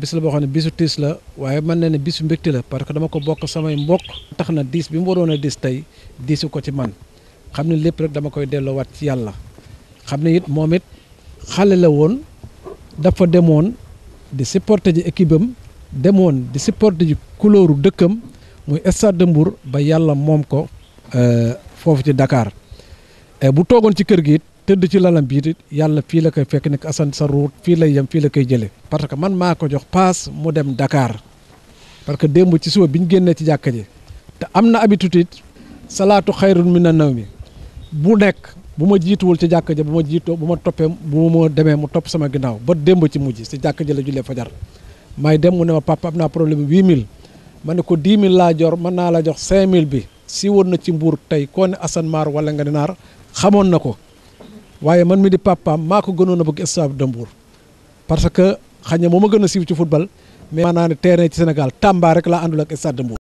bis la boo xam ne bisu tiis la waaye mën na ne bisu mbégte la parce que dama ko bokk samay mbokk tax na diis bi mu waroon a diis tey diisu ko ci man xam ne lépp rek dama koy delloowaat ci yàlla xam ne it moom it xale la woon dafa demoon di supporter ji équipe am demoon di supporter ji couleur dëkkam muy stade de Mbour ba yàlla moom ko euh, foofu ci dakaar Eh, bu toogoon ci kër gi it tëdd ci lalam bi yàlla fii la koy fekk ne ko sa ruut fii lay yem fii la koy jëlee parce que man maa ko jox paas mu dem dakaar parce que démb ci suba bi ñu génnee ci jàkk ji te am na habitude it salaatu na mina nawmi bu nekk bu ma jiituwul ci jàkk ji bu ma jiitoo bu ma toppee bu ma demee mu topp sama ginnaaw ba démb ci mujj si jàkk ji la jullee fajar may dem mu ne ma papa am naa problème ma ne ko 10 000 laa mën naa la jox 5000 bi. si woon na ci mbuur tey koo ne Assane Maar wala nga ne naar xamoon na ko waaye man mi di papaam maa ko gënoon a bëgg stade de Mbour parce que xañ moo ma gën a siiw ci football mais naa ne tere ci Sénégal Tamba rek laa àndul ak stade de